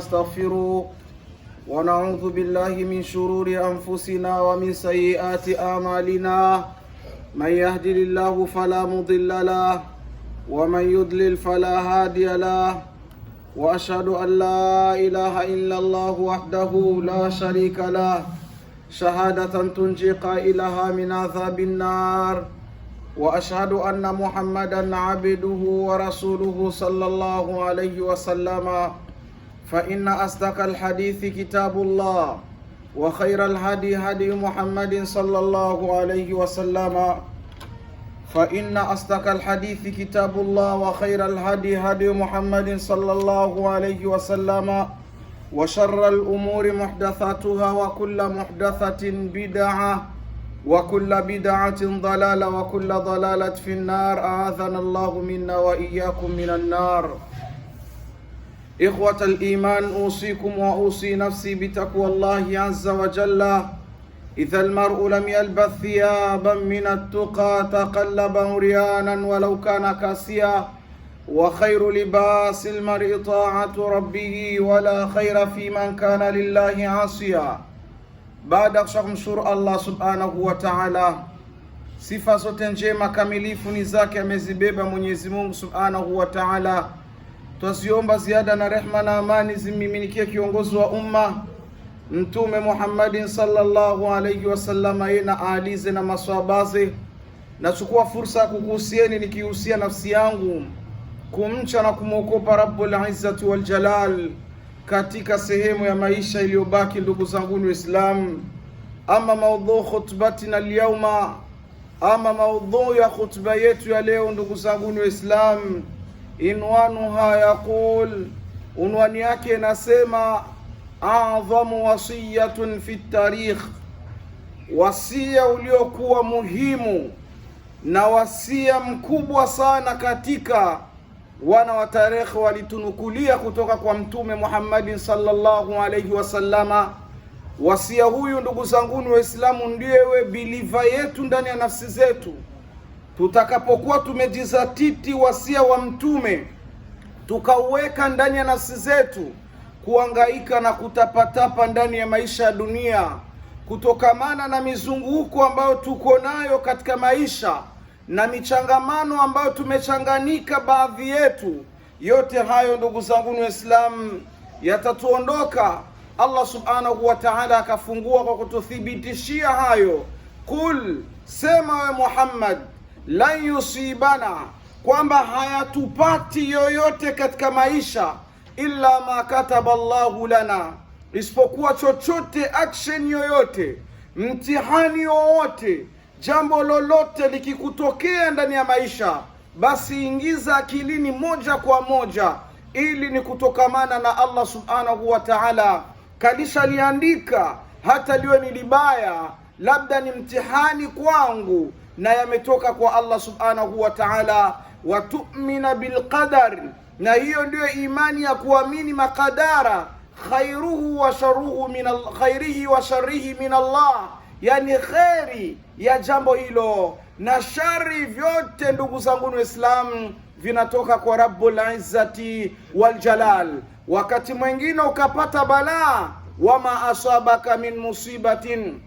نستغفره ونعوذ بالله من شرور أنفسنا ومن سيئات آمالنا من يهدي الله فلا مضل له ومن يضلل فلا هادي له وأشهد أن لا إله إلا الله وحده لا شريك له شهادة تنجي قائلها من عذاب النار وأشهد أن محمدا عبده ورسوله صلى الله عليه وسلم فإن أصدق الحديث كتاب الله وخير الهدي هدي محمد صلى الله عليه وسلم فإن أصدق الحديث كتاب الله وخير الهدي هدي محمد صلى الله عليه وسلم وشر الأمور محدثاتها وكل محدثة بدعة وكل بدعة ضلالة وكل ضلالة في النار أعاذنا الله منا وإياكم من النار إخوة الإيمان أوصيكم وأوصي نفسي بتقوى الله عز وجل إذا المرء لم يلبث ثيابا من التقى تقلب مريانا ولو كان كاسيا وخير لباس المرء طاعة ربه ولا خير في من كان لله عاصيا بعد أخشاكم سور الله سبحانه وتعالى صفة zote njema زاكي مزيبيبا من يزمون سبحانه وتعالى Twaziomba ziada na rehma na amani zimmiminikie kiongozi wa umma Mtume Muhammadin sallallahu alayhi wasallama, yeye na aalize na maswabaze. Nachukua fursa ya kukuhusieni nikihusia nafsi yangu kumcha na kumwokopa Rabbul Izzati wal Jalal katika sehemu ya maisha iliyobaki. Ndugu zanguni Waislamu, ama maudhu khutbatina lyauma ama maudhu ya khutba yetu ya leo, ndugu zanguni Waislamu inwanuha yaqul, unwani yake inasema adhamu wasiyatun fi tarikh, wasia uliokuwa muhimu na wasia mkubwa sana katika wana wa tarehe walitunukulia kutoka kwa Mtume Muhammadin sallallahu alayhi wasallama. Wasia huyu ndugu zanguni Waislamu, ndiyewe biliva yetu ndani ya nafsi zetu tutakapokuwa tumejizatiti wasia wa Mtume tukauweka ndani ya nafsi zetu, kuangaika na kutapatapa ndani ya maisha ya dunia, kutokamana na mizunguko ambayo tuko nayo katika maisha na michangamano ambayo tumechanganika baadhi yetu. Yote hayo ndugu zangu ni Waislamu, yatatuondoka. Allah subhanahu wa ta'ala akafungua kwa kututhibitishia hayo. Kul, sema we Muhammad lan yusibana, kwamba hayatupati yoyote katika maisha illa ma kataba Allahu lana, isipokuwa chochote, action yoyote, mtihani wowote, jambo lolote likikutokea ndani ya maisha, basi ingiza akilini moja kwa moja, ili ni kutokamana na Allah subhanahu wa ta'ala. Kalishaliandika hata liwe ni libaya, labda ni mtihani kwangu na yametoka kwa Allah subhanahu wa ta'ala, wa tu'mina bilqadar, na hiyo ndiyo imani ya kuamini makadara, khairuhu wa sharuhu min khairihi wa sharihi min Allah, yani kheri ya jambo hilo na shari vyote, ndugu zangu Waislamu, vinatoka kwa Rabbul Izzati wal Jalal. Wakati mwingine ukapata balaa, wama asabaka min musibatin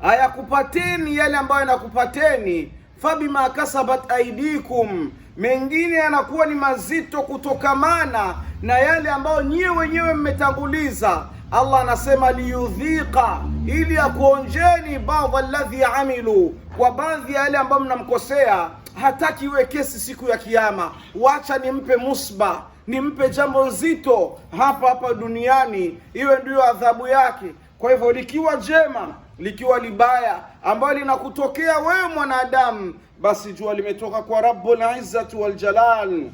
hayakupateni yale ambayo yanakupateni, fabima kasabat aidikum, mengine yanakuwa ni mazito kutokamana na yale ambayo nyiwe wenyewe mmetanguliza. Allah anasema liyudhika, ili akuonjeni badha alladhi amilu, kwa baadhi ya yale ambayo mnamkosea. Hataki iwe kesi siku ya Kiyama, wacha nimpe musba, nimpe jambo nzito hapa hapa duniani, iwe ndiyo adhabu yake. Kwa hivyo likiwa jema, likiwa libaya ambalo linakutokea wewe mwanadamu, basi jua limetoka kwa Rabbul Izzati wal Jalal.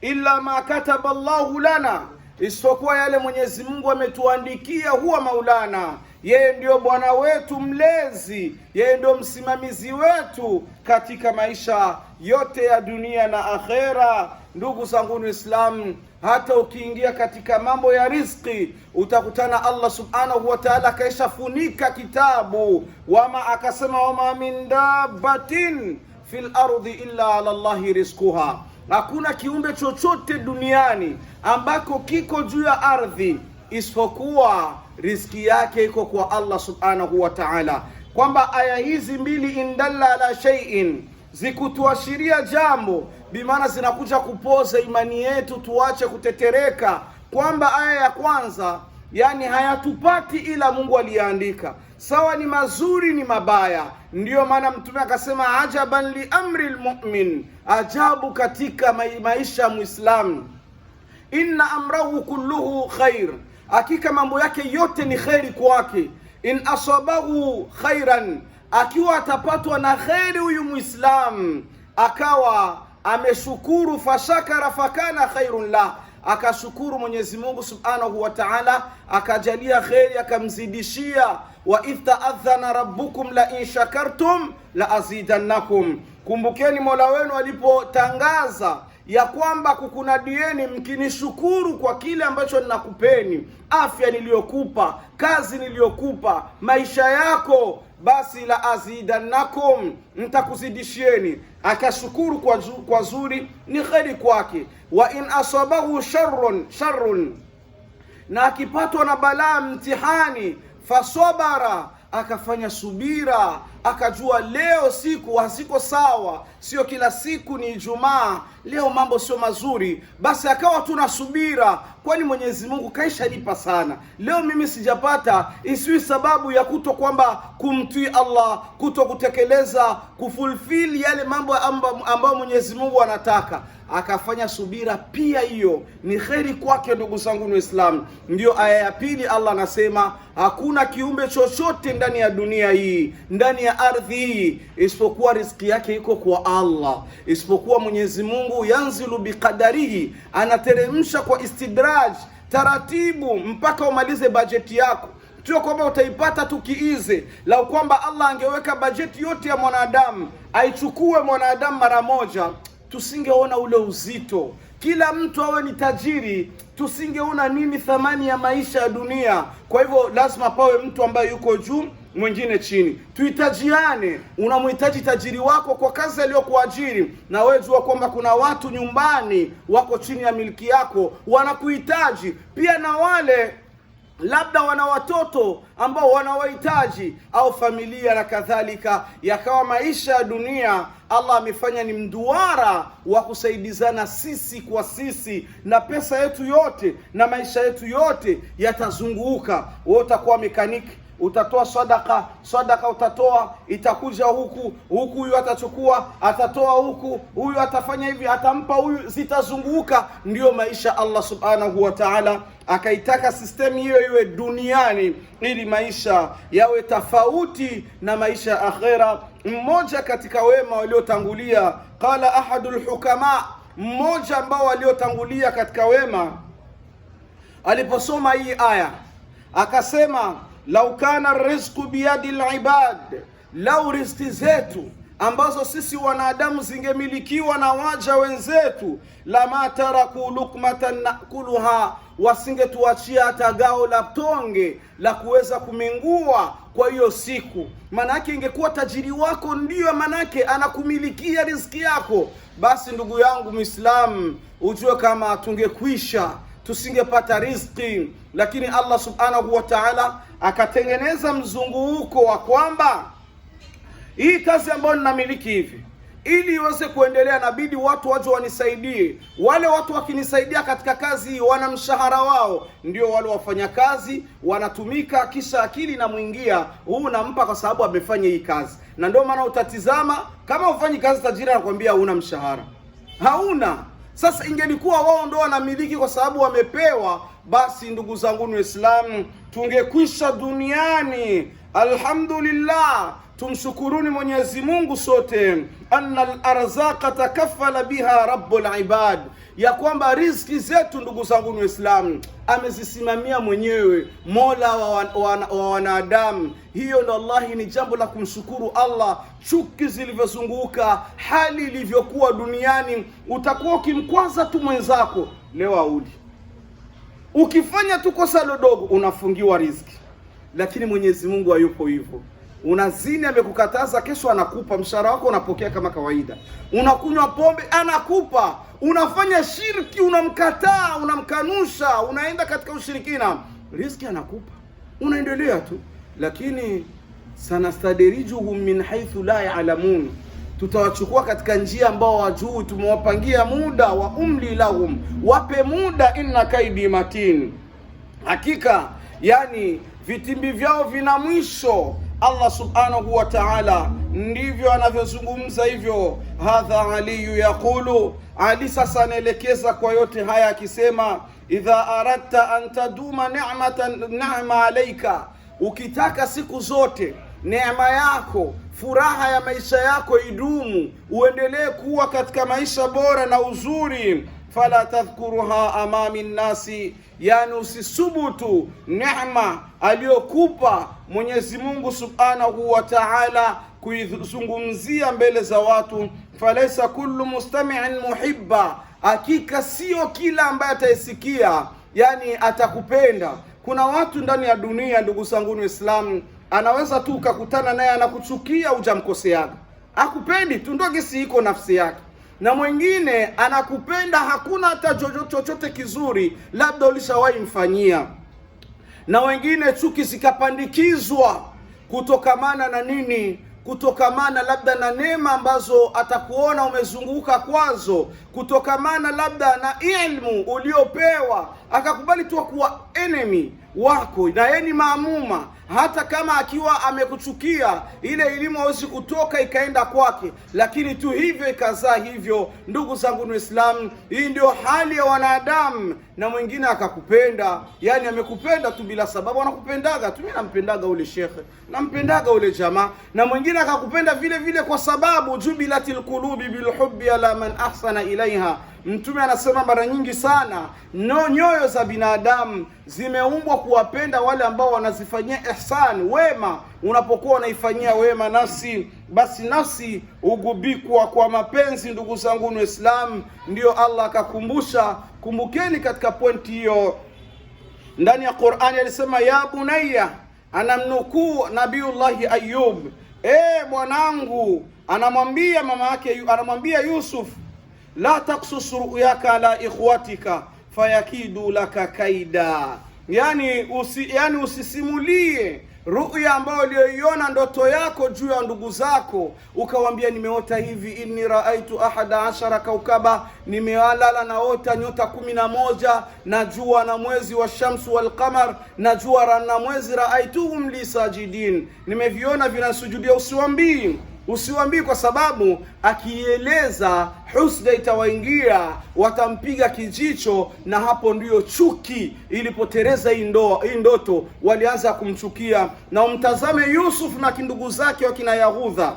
Illa ma kataba Allahu lana, isipokuwa yale Mwenyezi Mungu ametuandikia huwa maulana yeye ndio bwana wetu mlezi, yeye ndio msimamizi wetu katika maisha yote ya dunia na akhera. Ndugu zangu Waislamu, hata ukiingia katika mambo ya riziki utakutana Allah subhanahu wa taala akaishafunika kitabu, wama akasema wama min dabbatin fil ardi illa ala llahi rizquha, hakuna kiumbe chochote duniani ambako kiko juu ya ardhi isipokuwa riziki yake iko kwa Allah subhanahu wa taala. Kwamba aya hizi mbili indalla ala shay'in zikutuashiria jambo, bimaana zinakuja kupoza imani yetu, tuache kutetereka, kwamba aya ya kwanza yani hayatupati ila Mungu aliyeandika, sawa ni mazuri ni mabaya. Ndiyo maana Mtume akasema ajaban li amri lmumin, ajabu katika maisha ya Mwislamu, inna amrahu kulluhu khair, hakika mambo yake yote ni kheri kwake. In asabahu khairan akiwa atapatwa na kheri huyu Muislamu, akawa ameshukuru, fashakara fakana khairun lah akashukuru Mwenyezi Mungu Subhanahu wa Ta'ala, akajalia kheri, akamzidishia. wa idh ta'adhana rabbukum la in shakartum la azidannakum, kumbukeni Mola wenu alipotangaza ya kwamba kukunadieni mkinishukuru kwa kile ambacho ninakupeni, afya niliyokupa, kazi niliyokupa, maisha yako basi la azidannakum, ntakuzidishieni. Akashukuru kwa, kwa zuri ni kheri kwake. Wa in asabahu sharrun sharrun, na akipatwa na balaa mtihani, fasobara akafanya subira akajua leo siku haziko sawa, sio kila siku ni Ijumaa, leo mambo sio mazuri. Basi akawa tuna subira, kwani Mwenyezi Mungu nipa sana. Leo mimi sijapata, isiwi sababu ya kuto kwamba kumtii Allah, kuto kutekeleza kufulfil yale mambo ambayo Mwenyezi Mungu anataka. Akafanya subira pia, hiyo ni kheri kwake. Ndugu zangu Waislamu, ndiyo aya ya pili. Allah anasema hakuna kiumbe chochote ndani ya dunia hii ndani ya ardhi hii isipokuwa riziki yake iko kwa Allah, isipokuwa Mwenyezi Mungu yanzilu biqadarihi, anateremsha kwa istidraj taratibu mpaka umalize bajeti yako. Sio kwamba utaipata tukiize. Lau kwamba Allah angeweka bajeti yote ya mwanadamu aichukue mwanadamu mara moja, tusingeona ule uzito. Kila mtu awe ni tajiri, tusingeona nini thamani ya maisha ya dunia. Kwa hivyo lazima pawe mtu ambaye yuko juu mwingine chini. Tuhitajiane. Unamhitaji tajiri wako kwa kazi aliyokuajiri, na wewe jua kwamba kuna watu nyumbani wako chini ya miliki yako wanakuhitaji pia, na wale labda wana watoto ambao wanawahitaji au familia na kadhalika, yakawa maisha ya dunia Allah amefanya ni mduara wa kusaidizana sisi kwa sisi, na pesa yetu yote na maisha yetu yote yatazunguka. Wewe utakuwa mekaniki utatoa sadaka, sadaka utatoa, itakuja huku huku, huyu atachukua, atatoa huku, huyu atafanya hivi, atampa huyu, zitazunguka. Ndiyo maisha. Allah subhanahu wa ta'ala akaitaka sistemu hiyo iwe duniani ili maisha yawe tofauti na maisha ya akhera. Mmoja katika wema waliotangulia, qala ahadul hukama, mmoja ambao waliotangulia katika wema, aliposoma hii aya akasema lau kana rizqu biyadi libad, lau riziki zetu ambazo sisi wanadamu zingemilikiwa na waja wenzetu, lama taraku lukmatan nakuluha, wasingetuachia hata gao la tonge la kuweza kumingua kwa hiyo siku. Maanake ingekuwa tajiri wako ndiyo, maanake anakumilikia riziki yako. Basi ndugu yangu Muislamu, ujue kama tungekwisha tusingepata riziki, lakini Allah subhanahu wa ta'ala akatengeneza mzunguko wa kwamba hii kazi ambayo ninamiliki hivi ili iweze kuendelea, nabidi watu waje wanisaidie. Wale watu wakinisaidia katika kazi hii, wana mshahara wao, ndio wale wafanyakazi wanatumika, kisha akili inamwingia, huu nampa kwa sababu amefanya hii kazi. Na ndio maana utatizama, kama ufanyi kazi, tajiri anakuambia hauna mshahara, hauna. Sasa ingelikuwa wao ndio wanamiliki kwa sababu wamepewa, basi ndugu zangu Waislamu tungekwisha duniani. Alhamdulillah, tumshukuruni Mwenyezi Mungu sote. Anna larzaqa takafala biha rabbul ibad, ya kwamba riziki zetu ndugu zangu ni Waislamu amezisimamia mwenyewe mola wa wanadamu. Hiyo ndo Allahi, ni jambo la kumshukuru Allah. Chuki zilivyozunguka hali ilivyokuwa duniani, utakuwa ukimkwaza tu mwenzako leo audi Ukifanya tu kosa dodogo unafungiwa riziki, lakini Mwenyezi Mungu hayupo hivyo. Unazini amekukataza, kesho anakupa mshahara wako, unapokea kama kawaida. Unakunywa pombe, anakupa. Unafanya shirki, unamkataa, unamkanusha, unaenda katika ushirikina, riziki anakupa, unaendelea tu. Lakini sanastaderiju min haithu la ya'lamun tutawachukua katika njia ambao wajui, tumewapangia muda wa umli lahum, wape muda, inna kaidi matin, hakika yani vitimbi vyao vina mwisho. Allah subhanahu wa ta'ala ndivyo anavyozungumza hivyo. Hadha aliyu yaqulu, Ali sasa anaelekeza kwa yote haya akisema, idha aradta an taduma ni'mata ni'ma alayka, ukitaka siku zote neema yako furaha ya maisha yako idumu, uendelee kuwa katika maisha bora na uzuri. Fala tadhkuruha amami nnasi, yani usisubutu neema aliyokupa Mwenyezi Mungu subhanahu wa taala kuizungumzia mbele za watu. Falaisa kullu mustami'in muhibba, hakika sio kila ambaye ataisikia yani atakupenda. Kuna watu ndani ya dunia, ndugu zangu Waislamu, anaweza tu ukakutana naye anakuchukia, hujamkoseaga, akupendi tu, ndo gesi iko nafsi yake. Na mwingine anakupenda, hakuna hata chochote kizuri labda ulishawahi mfanyia. Na wengine chuki zikapandikizwa kutokamana na nini? Kutokamana labda na neema ambazo atakuona umezunguka kwazo, kutokamana labda na ilmu uliopewa, akakubali tu kuwa enemy wako na yeye ni maamuma hata kama akiwa amekuchukia, ile elimu hawezi kutoka ikaenda kwake, lakini tu hivyo ikazaa hivyo. Ndugu zangu Waislamu, hii ndio hali ya wanadamu. Na mwingine akakupenda, yani amekupenda tu bila sababu, anakupendaga tu. Mimi nampendaga ule shekhe, nampendaga ule jamaa. Na mwingine akakupenda vile vile kwa sababu jubilatil qulubi bilhubbi ala man ahsana ilaiha. Mtume anasema mara nyingi sana no, nyoyo za binadamu zimeumbwa kuwapenda wale ambao wanazifanyia ihsan, wema. Unapokuwa unaifanyia wema nafsi, basi nafsi hugubikwa kwa mapenzi. Ndugu zangu Waislamu, ndiyo Allah akakumbusha. Kumbukeni katika pointi hiyo ndani ya Qur'ani alisema, ya bunayya, anamnukuu Nabiullahi Ayub, e mwanangu, anamwambia mama yake, anamwambia Yusuf, la taksus ruyaka ala ikhwatika fayakidu laka kaida yani, usi, yani usisimulie ruya ambayo uliyoiona ndoto yako juu ya ndugu zako, ukawambia nimeota hivi, inni raaitu ahada ashara kaukaba, nimelala naota nyota kumi na moja na jua na mwezi wa shamsu walqamar, na jua na mwezi, raaituhum li sajidin, nimeviona vinasujudia. Usiwambii usiwambii kwa sababu akieleza husda itawaingia, watampiga kijicho, na hapo ndiyo chuki ilipotereza hii ndoto. Walianza kumchukia. Na umtazame Yusuf na kindugu zake wakina Yahudha,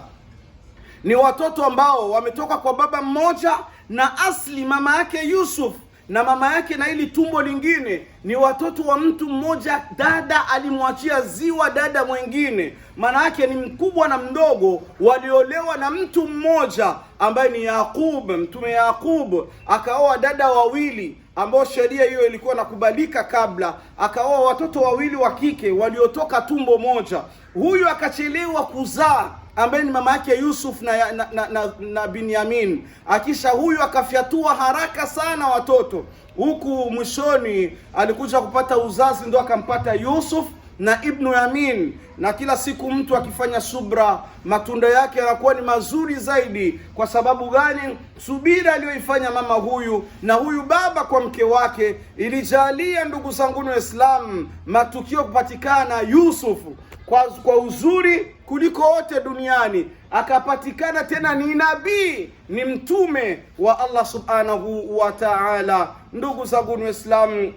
ni watoto ambao wametoka kwa baba mmoja, na asli mama yake Yusuf na mama yake na ili tumbo lingine ni watoto wa mtu mmoja. Dada alimwachia ziwa dada mwingine, maana yake ni mkubwa na mdogo waliolewa na mtu mmoja ambaye ni Yakub. Mtume Yakub akaoa dada wawili ambao sheria hiyo ilikuwa nakubalika kabla, akaoa watoto wawili wa kike waliotoka tumbo moja. Huyu akachelewa kuzaa ambaye ni mama yake Yusuf na, na, na, na, na Binyamin. Akisha huyu akafyatua haraka sana watoto, huku mwishoni alikuja kupata uzazi, ndo akampata Yusuf na Ibnu Yamin. Na kila siku mtu akifanya subra, matunda yake yanakuwa ni mazuri zaidi. Kwa sababu gani? Subira aliyoifanya mama huyu na huyu baba kwa mke wake ilijalia, ndugu zanguni Islam, matukio kupatikana Yusufu kwa, kwa uzuri kuliko wote duniani, akapatikana tena ni nabii, ni mtume wa Allah subhanahu wa ta'ala. Ndugu zangu Waislamu,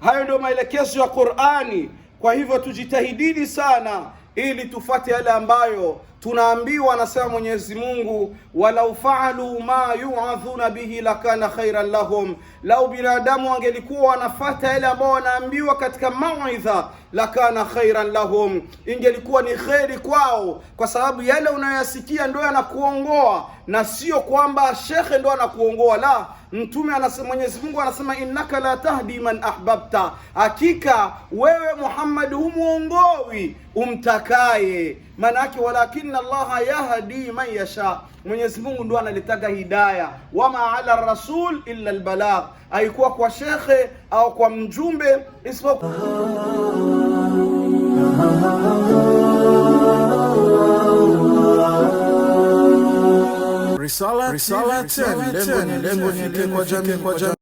hayo ndio maelekezo ya Qur'ani. Kwa hivyo tujitahidini sana ili tufate yale ambayo tunaambiwa anasema Mwenyezi Mungu, walau faalu ma yuadhuna bihi lakana khairan lahum, lau binadamu wangelikuwa wanafata yale ambao wanaambiwa katika mauidha, lakana khairan lahum, ingelikuwa ni kheri kwao, kwa sababu yale unayoyasikia ndio yanakuongoa na sio kwamba shekhe ndo anakuongoa la Mtume anasema, Mwenyezi Mungu anasema, innaka la tahdi man ahbabta, hakika wewe Muhammad humuongowi umtakaye maana yake walakina Allaha yahdi man yasha, Mwenyezi Mungu ndo analitaka hidaya. Wama ala rasul illa albalagh, aikuwa kwa shekhe au kwa mjumbe isipokuwa risala. Risala lengo ni lengo kwa jamii.